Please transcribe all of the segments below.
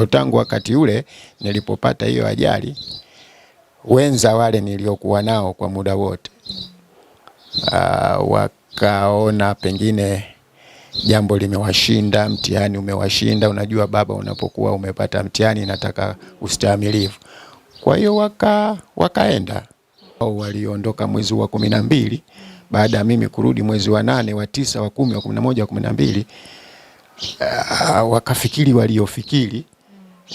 Kwa tangu wakati ule nilipopata hiyo ajali, wenza wale niliokuwa nao kwa muda wote ah, wakaona pengine jambo limewashinda, mtihani umewashinda. Unajua baba, unapokuwa umepata mtihani nataka ustahimilivu. Kwa hiyo waka, wakaenda waliondoka mwezi wa kumi na mbili baada ya mimi kurudi mwezi wa nane, wa tisa, wa kumi, wa kumi na moja, wa kumi na mbili. Uh, wakafikiri waliofikiri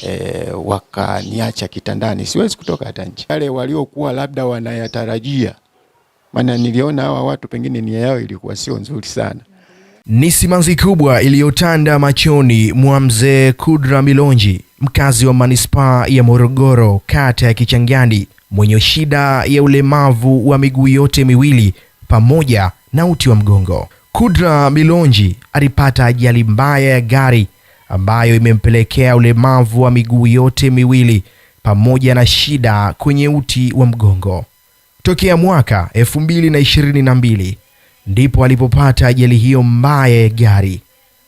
e, wakaniacha kitandani, siwezi kutoka hata nje. Wale waliokuwa labda wanayatarajia, maana niliona hawa watu pengine nia yao ilikuwa sio nzuri sana. Ni simanzi kubwa iliyotanda machoni mwa mzee Kudra Milonji, mkazi wa manispaa ya Morogoro, kata ya Kichangani, mwenye shida ya ulemavu wa miguu yote miwili pamoja na uti wa mgongo. Kudra Milonji alipata ajali mbaya ya gari ambayo imempelekea ulemavu wa miguu yote miwili pamoja na shida kwenye uti wa mgongo. Tokea mwaka 2022 ndipo alipopata ajali hiyo mbaya ya gari.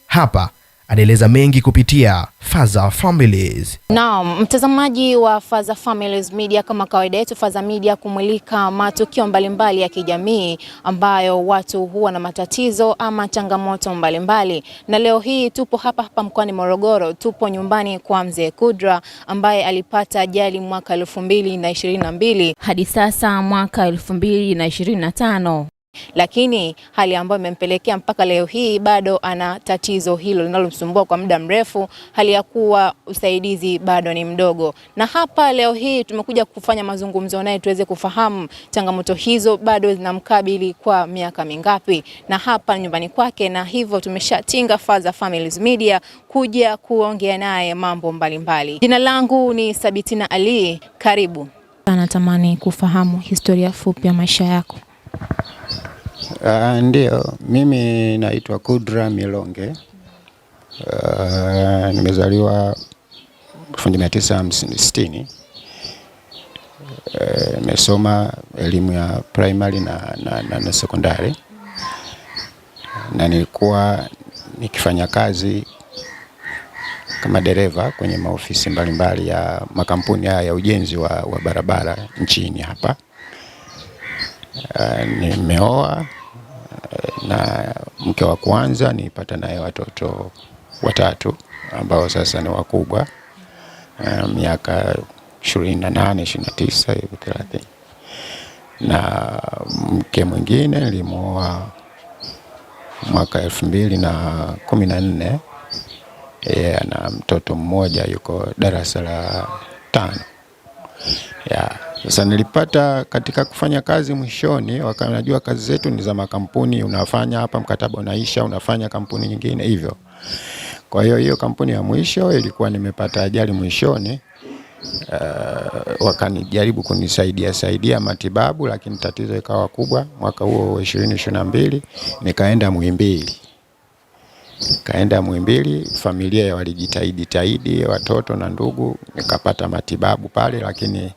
Hapa anaeleza mengi kupitia Faza Families. Naam, mtazamaji wa Faza Families Media, kama kawaida yetu Faza Media kumulika matukio mbalimbali ya kijamii ambayo watu huwa na matatizo ama changamoto mbalimbali, na leo hii tupo hapa hapa mkoani Morogoro, tupo nyumbani kwa mzee Kudra ambaye alipata ajali mwaka elfu mbili na ishirini na mbili hadi sasa mwaka elfu mbili na ishirini na tano lakini hali ambayo imempelekea mpaka leo hii bado ana tatizo hilo linalomsumbua kwa muda mrefu, hali ya kuwa usaidizi bado ni mdogo. Na hapa leo hii tumekuja kufanya mazungumzo naye tuweze kufahamu changamoto hizo bado zinamkabili kwa miaka mingapi, na hapa nyumbani kwake, na hivyo tumeshatinga Faza Families Media kuja kuongea naye mambo mbalimbali. Jina langu ni Sabitina Ali, karibu. Anatamani kufahamu historia fupi ya maisha yako. Uh, ndio, mimi naitwa Kudra Milonge. Uh, nimezaliwa 1960. Eh, nimesoma uh, elimu ya primary na, na, na, na sekondari na nilikuwa nikifanya kazi kama dereva kwenye maofisi mbalimbali mbali ya makampuni haya ya ujenzi wa, wa barabara nchini hapa. Eh, nimeoa na mke wa kwanza nipata naye watoto watatu ambao sasa ni wakubwa, eh, miaka ishirini na nane ishirini na tisa hivi thelathini. Na mke mwingine nilimwoa mwaka elfu mbili na kumi na nne yeye ana mtoto mmoja yuko darasa la tano yeah. Sasa nilipata katika kufanya kazi mwishoni, wakanajua kazi zetu ni za makampuni, unafanya hapa mkataba unaisha, unafanya kampuni nyingine hivyo. Kwa hiyo hiyo kampuni ya mwisho ilikuwa nimepata ajali mwishoni. Uh, wakanijaribu kunisaidia saidia matibabu, lakini tatizo ikawa kubwa. Mwaka huo ishirini ishirini na mbili nikaenda Muhimbili, nikaenda Muhimbili, familia walijitahidi tahidi, watoto na ndugu, nikapata matibabu pale, lakini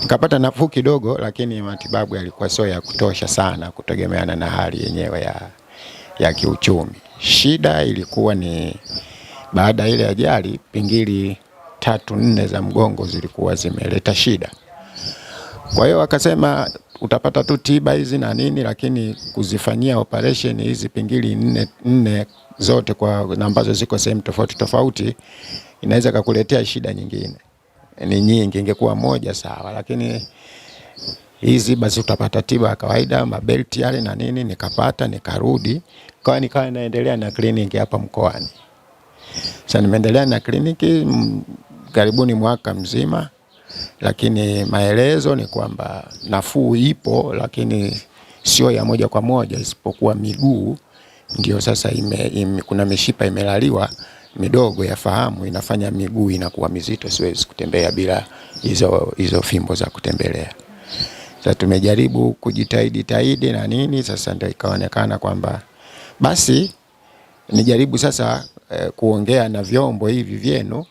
Nikapata nafuu kidogo, lakini matibabu yalikuwa sio ya kutosha sana, kutegemeana na hali yenyewe ya, ya kiuchumi. Shida ilikuwa ni baada ile ajali, pingili tatu nne za mgongo zilikuwa zimeleta shida. Kwa hiyo wakasema utapata tu tiba hizi na nini, lakini kuzifanyia operation hizi pingili nne, nne zote kwa ambazo ziko sehemu tofauti tofauti inaweza kakuletea shida nyingine ni nyingi, ingekuwa moja sawa, lakini hizi basi utapata tiba ya kawaida, mabelti yale na nini, nikapata nikarudi, kwa nikawa naendelea na kliniki hapa mkoani. Sasa nimeendelea na kliniki karibuni mwaka mzima, lakini maelezo ni kwamba nafuu ipo, lakini sio ya moja kwa moja, isipokuwa miguu ndio sasa ime, ime, kuna mishipa imelaliwa midogo ya fahamu inafanya miguu inakuwa mizito, siwezi kutembea bila hizo hizo fimbo za kutembelea. Sasa tumejaribu kujitahidi tahidi na nini, sasa ndio ikaonekana kwamba basi nijaribu sasa eh, kuongea na vyombo hivi vyenu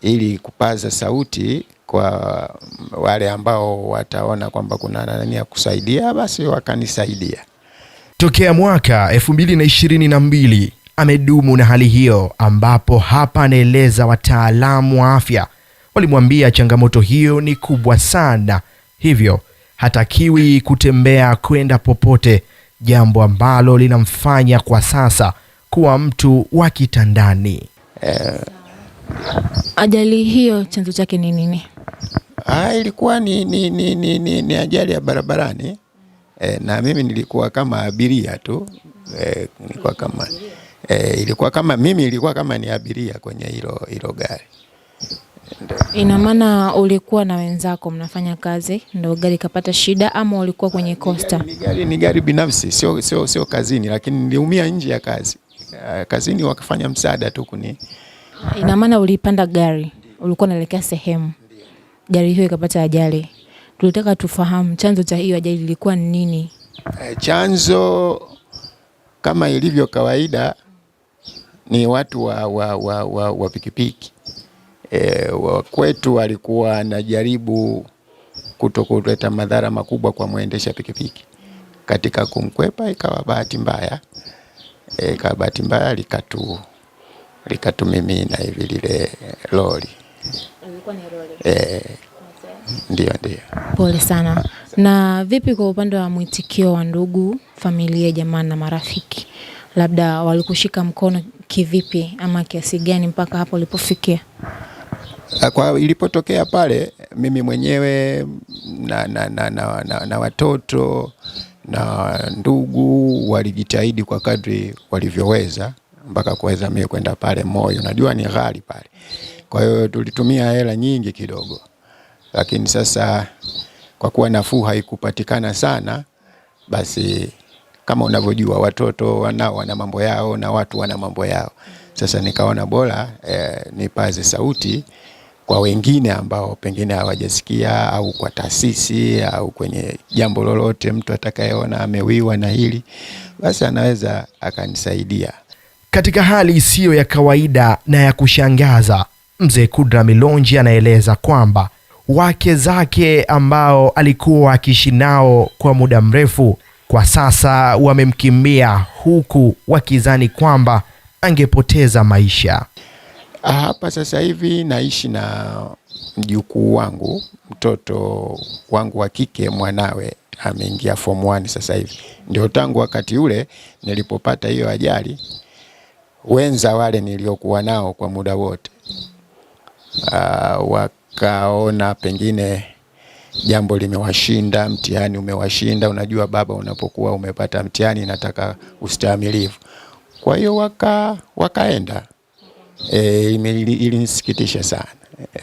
ili kupaza sauti kwa wale ambao wataona kwamba kuna nani ya kusaidia, basi wakanisaidia. Tokea mwaka elfu mbili na ishirini na mbili amedumu na hali hiyo, ambapo hapa anaeleza wataalamu wa afya walimwambia changamoto hiyo ni kubwa sana, hivyo hatakiwi kutembea kwenda popote, jambo ambalo linamfanya kwa sasa kuwa mtu wa kitandani. Eh, ajali hiyo chanzo chake ni nini? Ah, ilikuwa ni, ni, ni, ni, ni, ni ajali ya barabarani eh, na mimi nilikuwa kama abiria tu eh, nilikuwa kama e, ilikuwa kama mimi ilikuwa kama ni abiria kwenye hilo hilo gari. Ina maana ulikuwa na wenzako mnafanya kazi ndio gari kapata shida, ama ulikuwa kwenye kosta? Ni gari, ni gari binafsi, sio sio sio kazini, lakini niliumia nje ya kazi. E, kazini wakafanya msaada tu kuni. Ina maana ulipanda gari, ulikuwa unaelekea sehemu, gari hiyo ikapata ajali. Tulitaka tufahamu chanzo cha hiyo ajali ilikuwa ni nini? E, chanzo kama ilivyo kawaida ni watu wa, wa, wa, wa, wa pikipiki e, wa kwetu walikuwa anajaribu kuto kuleta madhara makubwa kwa mwendesha pikipiki katika kumkwepa, ikawa bahati mbaya e, ikawa bahati mbaya likatu likatumimina hivi lile lori e, ndio ndio. Pole sana. Na vipi kwa upande wa mwitikio wa ndugu, familia, jamaa na marafiki, labda walikushika mkono kivipi ama kiasi gani mpaka hapo ulipofikia? Ah, kwa ilipotokea pale, mimi mwenyewe na, na, na, na, na, na watoto na ndugu walijitahidi kwa kadri walivyoweza mpaka kuweza mimi kwenda pale Moyo. najua ni ghali pale, kwa hiyo tulitumia hela nyingi kidogo, lakini sasa kwa kuwa nafuu haikupatikana sana, basi kama unavyojua watoto wanao wana mambo yao na watu wana mambo yao. Sasa nikaona bora eh, nipaze sauti kwa wengine ambao pengine hawajasikia au kwa taasisi au kwenye jambo lolote, mtu atakayeona amewiwa na hili basi anaweza akanisaidia. Katika hali isiyo ya kawaida na ya kushangaza, mzee Kudra Milonji anaeleza kwamba wake zake ambao alikuwa akiishi nao kwa muda mrefu kwa sasa wamemkimbia huku wakizani kwamba angepoteza maisha. Hapa sasa hivi naishi na mjukuu wangu, mtoto wangu wa kike, mwanawe ameingia form 1 sasa hivi. Ndio tangu wakati ule nilipopata hiyo ajali, wenza wale niliokuwa nao kwa muda wote, ah, wakaona pengine jambo limewashinda, mtihani umewashinda. Unajua baba, unapokuwa umepata mtihani inataka ustahimilivu. Kwa hiyo waka wakaenda e, ilinisikitisha sana.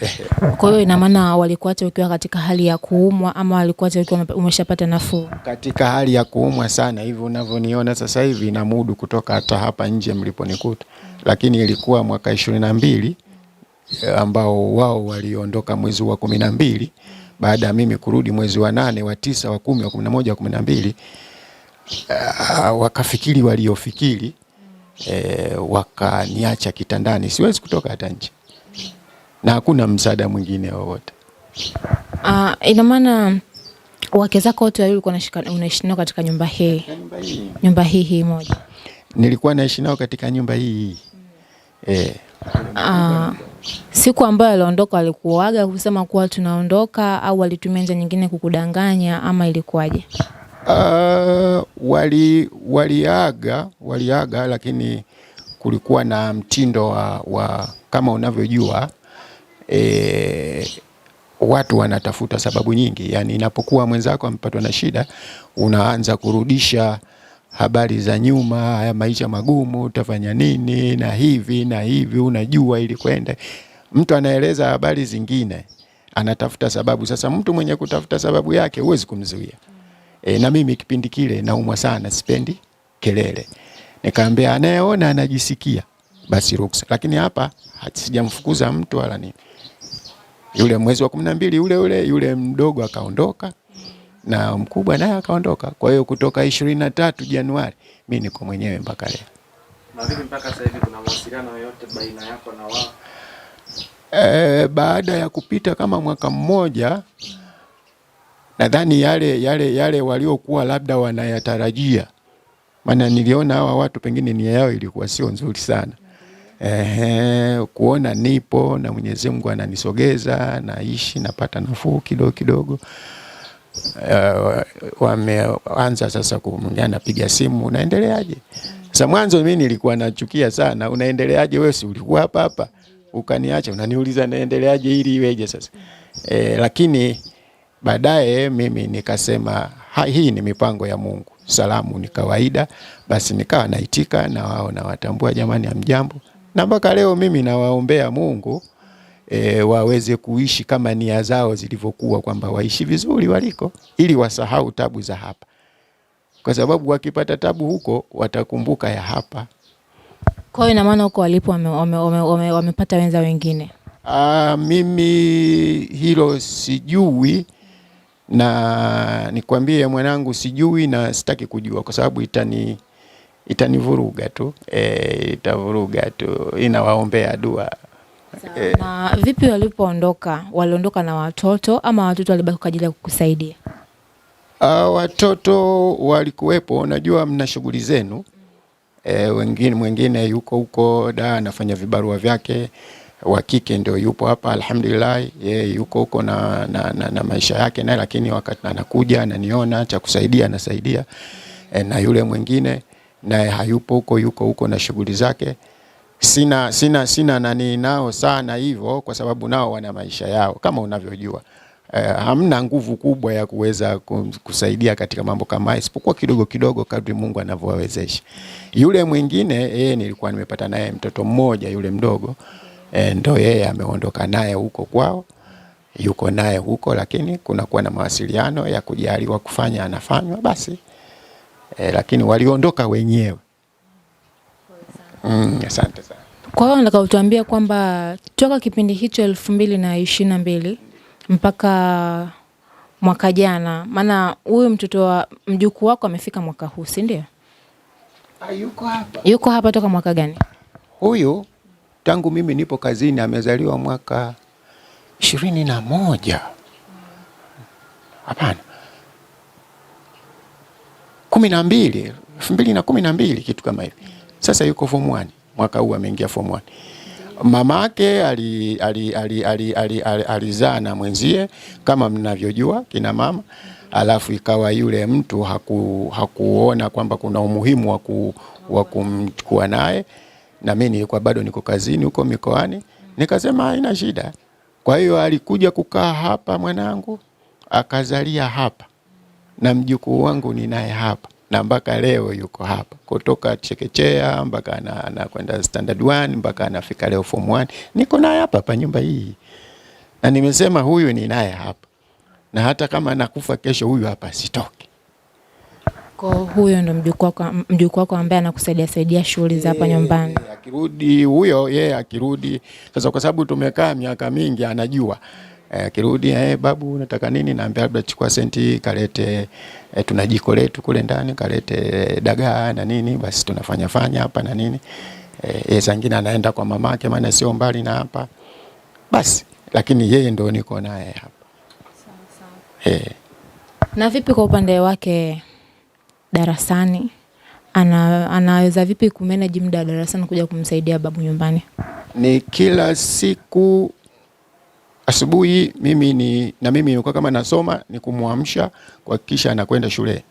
Kwa hiyo ina maana walikuacha ukiwa katika hali ya kuumwa ama walikuacha ukiwa umeshapata nafuu? Katika hali ya kuumwa sana, hivi unavyoniona sasa hivi na mudu kutoka hata hapa nje mliponikuta, lakini ilikuwa mwaka ishirini na mbili e, ambao wao waliondoka mwezi wa kumi na mbili baada ya mimi kurudi mwezi wa nane, wa tisa, wa kumi, wa kumi na moja, wa kumi na mbili uh, wakafikiri waliofikiri eh, wakaniacha kitandani, siwezi kutoka hata nje na hakuna msaada mwingine wowote. Uh, ina maana wake zako wote wawili unaishi nao katika nyumba hii nyumba hii hii moja? Nilikuwa naishi nao katika nyumba hii hii mm. eh. uh, Siku ambayo aliondoka walikuaga kusema kuwa tunaondoka, au walitumia njia nyingine kukudanganya ama ilikuwaje? Uh, wali waliaga waliaga, lakini kulikuwa na mtindo wa, wa kama unavyojua e, watu wanatafuta sababu nyingi. Yani, inapokuwa mwenzako amepatwa na shida, unaanza kurudisha habari za nyuma, haya maisha magumu, utafanya nini na hivi na hivi, unajua ili kwenda Mtu anaeleza habari zingine, anatafuta sababu. Sasa mtu mwenye kutafuta sababu yake huwezi kumzuia. E, na mimi kipindi kile naumwa sana, sipendi kelele. Nikaambia anayeona anajisikia basi ruksa, lakini hapa sijamfukuza mtu wala nini. Yule mwezi wa kumi na mbili yule yule yule mdogo akaondoka na mkubwa naye akaondoka. Kwa hiyo kutoka ishirini na tatu Januari mi niko mwenyewe mpaka leo. Na vipi mpaka sasa hivi kuna mawasiliano yoyote baina yako na wao? eh, baada ya kupita kama mwaka mmoja nadhani yale, yale, yale waliokuwa labda wanayatarajia, maana niliona hawa watu pengine nia yao ilikuwa sio nzuri sana. eh, kuona nipo na Mwenyezi Mungu ananisogeza, naishi, napata nafuu kidogo kidogo. Uh, wameanza sasa kumwambia napiga simu, unaendeleaje? Sasa mwanzo mimi nilikuwa nachukia sana, unaendeleaje wewe, si ulikuwa hapa hapa ukaniacha, unaniuliza naendeleaje ili iweje sasa e, lakini baadaye mimi nikasema hii ni mipango ya Mungu, salamu ni kawaida. Basi nikawa naitika na wao nawatambua, jamani, amjambo, na mpaka leo mimi nawaombea Mungu e, waweze kuishi kama nia zao zilivyokuwa, kwamba waishi vizuri waliko, ili wasahau tabu za hapa, kwa sababu wakipata tabu huko watakumbuka ya hapa. Kwa hiyo ina maana huko walipo wamepata wenza wengine? Aa, ah, mimi hilo sijui na nikwambie mwanangu, sijui na sitaki kujua kwa sababu itani itanivuruga tu e, itavuruga tu, inawaombea dua e. Na vipi walipoondoka, waliondoka na watoto ama watoto walibaki kwa ajili ya kukusaidia? Ah, watoto walikuwepo, najua mna shughuli zenu e, wengine mwingine yuko huko da anafanya vibarua vyake, wa kike ndio yupo hapa alhamdulillah, yeye yuko huko na, na, na, na maisha yake naye, lakini wakati anakuja ananiona cha kusaidia anasaidia e, na yule mwingine naye hayupo huko, yuko huko na shughuli zake. Sina, sina, sina nani nao sana hivyo, kwa sababu nao wana maisha yao kama unavyojua eh, hamna nguvu kubwa ya kuweza kusaidia katika mambo kama hayo, isipokuwa kidogo kidogo kadri Mungu anavyowawezesha. Yule mwingine yeye nilikuwa nimepata naye mtoto mmoja yule mdogo eh, ndo yeye ameondoka naye huko kwao yuko naye huko, lakini kunakuwa na mawasiliano ya kujaliwa kufanya anafanywa basi eh, lakini waliondoka wenyewe. Mm, asante sana. Kwa hiyo nataka utuambia kwamba toka kipindi hicho elfu mbili na ishirini na mbili mpaka mwaka jana, maana huyu mtoto wa mjukuu wako amefika mwaka huu, si ndio? Ah, yuko hapa, yuko hapa toka mwaka gani huyu? Tangu mimi nipo kazini amezaliwa mwaka ishirini na moja. Hapana, kumi na mbili, elfu mbili na kumi na mbili, kitu kama hivi. Sasa yuko form mwaka huu ameingia form Mamake alizaa ali, ali, ali, ali, ali, ali na mwenzie kama mnavyojua kina mama, alafu ikawa yule mtu haku, hakuona kwamba kuna umuhimu wa waku, kumchukua naye, na mimi nilikuwa bado niko kazini huko mikoani, nikasema haina shida. Kwa hiyo alikuja kukaa hapa mwanangu, akazalia hapa na mjukuu wangu ninaye hapa na mpaka leo yuko hapa kutoka chekechea mpaka anakwenda standard 1 mpaka anafika leo form 1, niko naye hapa pa nyumba hii, na nimesema huyu ni naye hapa, na hata kama nakufa kesho, huyu hapa sitoki. Kwa huyo ndo mjukuu wako, mjukuu wako ambaye anakusaidia saidia shughuli za hapa nyumbani. Akirudi huyo yeye, akirudi sasa, kwa sababu tumekaa miaka mingi, anajua Eh, akirudi eh, babu nataka nini? Naambia labda chukua senti kalete, eh, tuna jiko letu kule ndani kalete eh, dagaa na nini, basi tunafanya fanya hapa na nini eh, zingine anaenda kwa mamake, maana sio mbali na hapa basi, lakini yeye ndo niko naye hapa sawa sawa. Eh, na vipi kwa upande wake darasani ana, anaweza vipi kumanage muda darasani kuja kumsaidia babu nyumbani? Ni kila siku asubuhi mimi ni, na mimi nilikuwa kama nasoma ni kumwamsha kuhakikisha anakwenda shule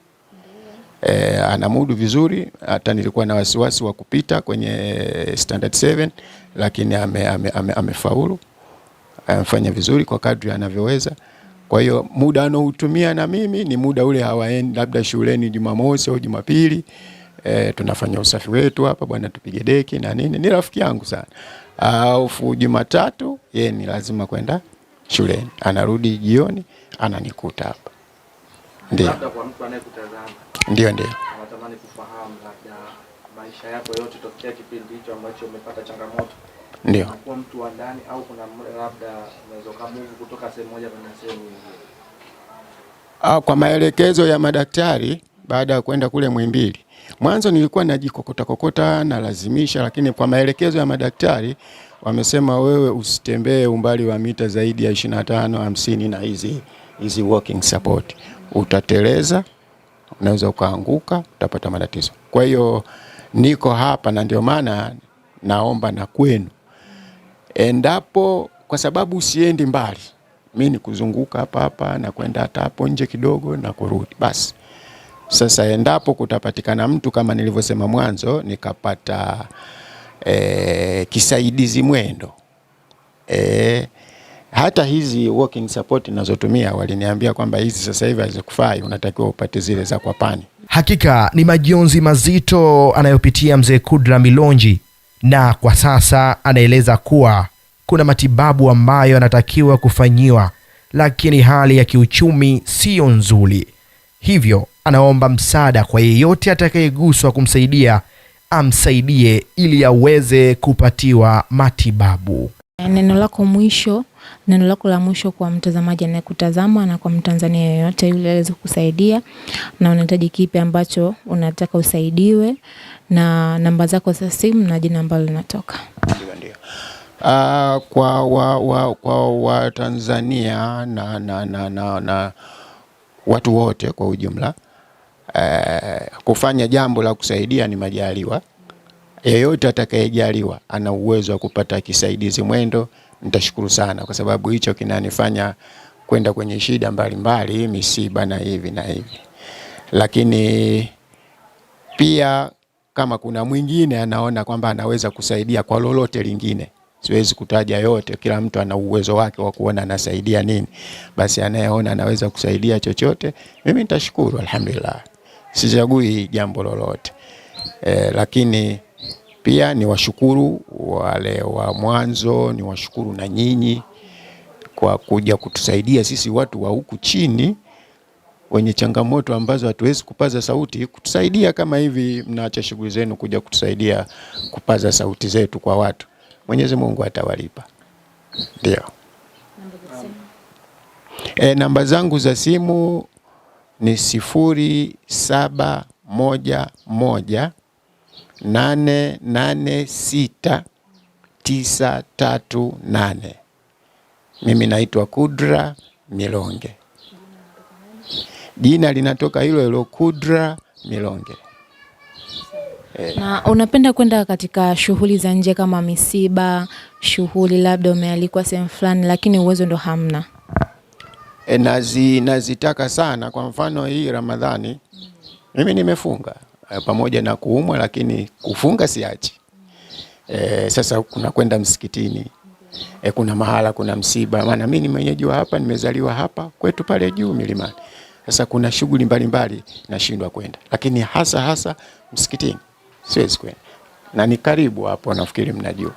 e, anamudu vizuri. Hata nilikuwa na wasiwasi wa kupita kwenye standard 7 lakini amefaulu ame, ame, ame amefanya vizuri kwa kadri anavyoweza. Kwa hiyo muda anaoutumia na mimi ni muda ule hawaendi labda shuleni Jumamosi au Jumapili. E, tunafanya usafi wetu hapa bwana, tupige deki na nini. Ni rafiki yangu sana au Jumatatu yeye ni lazima kwenda shuleni, anarudi jioni ananikuta hapa. Ndio, ndio, ndio. Anatamani kufahamu labda maisha yako yote tokea kipindi hicho ambacho umepata changamoto ndio Kwa mtu wa ndani au kuna labda unaweza move kutoka sehemu moja kwenda sehemu nyingine. Ah, Kwa maelekezo ya madaktari baada ya kwenda kule Mwimbili. Mwanzo nilikuwa najikokota kokota na lazimisha, lakini kwa maelekezo ya madaktari wamesema wewe usitembee umbali wa mita zaidi ya 25 50 na hizi hizi walking support, utateleza, unaweza ukaanguka, utapata matatizo. Kwa hiyo niko hapa na ndio maana naomba na kwenu, endapo kwa sababu siendi mbali, mi ni kuzunguka hapa hapa na kwenda hata hapo nje kidogo na kurudi basi sasa endapo kutapatikana mtu kama nilivyosema mwanzo, nikapata e, kisaidizi mwendo e, hata hizi walking support ninazotumia waliniambia kwamba hizi sasa hivi hazikufai, unatakiwa upate zile za kwapani. pani. Hakika ni majonzi mazito anayopitia mzee Kudra Milonji, na kwa sasa anaeleza kuwa kuna matibabu ambayo anatakiwa kufanyiwa, lakini hali ya kiuchumi siyo nzuri, hivyo anaomba msaada kwa yeyote atakayeguswa kumsaidia amsaidie ili aweze kupatiwa matibabu. Neno lako mwisho, neno lako la mwisho kwa mtazamaji anayekutazama na kwa Mtanzania yoyote yule aweze kusaidia, na unahitaji kipi ambacho unataka usaidiwe, na namba zako za simu na jina ambalo linatoka. Uh, kwa Watanzania wa, wa na, na, na, na, na watu wote kwa ujumla eh, kufanya jambo la kusaidia ni majaliwa. Yeyote atakayejaliwa ana uwezo wa kupata kisaidizi mwendo, nitashukuru sana, kwa sababu hicho kinanifanya kwenda kwenye shida mbalimbali mbali, misiba na hivi na hivi, lakini pia kama kuna mwingine anaona kwamba anaweza kusaidia kwa lolote lingine, siwezi kutaja yote, kila mtu ana uwezo wake wa kuona anasaidia nini, basi anayeona anaweza kusaidia chochote, mimi nitashukuru, alhamdulillah sichagui jambo lolote e, lakini pia ni washukuru wale wa mwanzo, ni washukuru na nyinyi kwa kuja kutusaidia sisi watu wa huku chini wenye changamoto ambazo hatuwezi kupaza sauti, kutusaidia kama hivi, mnaacha shughuli zenu kuja kutusaidia kupaza sauti zetu kwa watu. Mwenyezi Mungu atawalipa. Ndio. E, namba zangu za simu ni sifuri saba moja moja nane nane sita tisa tatu nane. Mimi naitwa Kudra Milonge, jina linatoka hilo hilo Kudra Milonge. Eh. Na unapenda kwenda katika shughuli za nje kama misiba, shughuli labda umealikwa sehemu fulani, lakini uwezo ndo hamna? e, nazi, nazitaka sana. Kwa mfano hii Ramadhani mimi nimefunga eh, pamoja na kuumwa, lakini kufunga siachi. E, sasa kuna kwenda msikitini e, kuna mahala kuna msiba, maana mimi ni mwenyeji wa hapa, nimezaliwa hapa kwetu pale juu milimani. Sasa kuna shughuli mbalimbali nashindwa kwenda, lakini hasa hasa msikitini siwezi kwenda, na ni karibu hapo, nafikiri mnajua.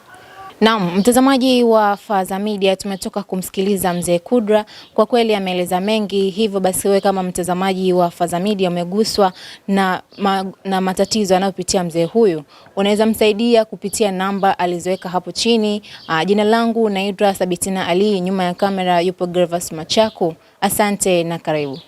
Naam, mtazamaji wa Faza Media tumetoka kumsikiliza Mzee Kudra, kwa kweli ameeleza mengi, hivyo basi wewe kama mtazamaji wa Faza Media umeguswa na, ma, na matatizo anayopitia mzee huyu, unaweza msaidia kupitia namba alizoweka hapo chini. Ah, jina langu Naidra Sabitina Ali, nyuma ya kamera yupo Gervas Machaku. Asante na karibu.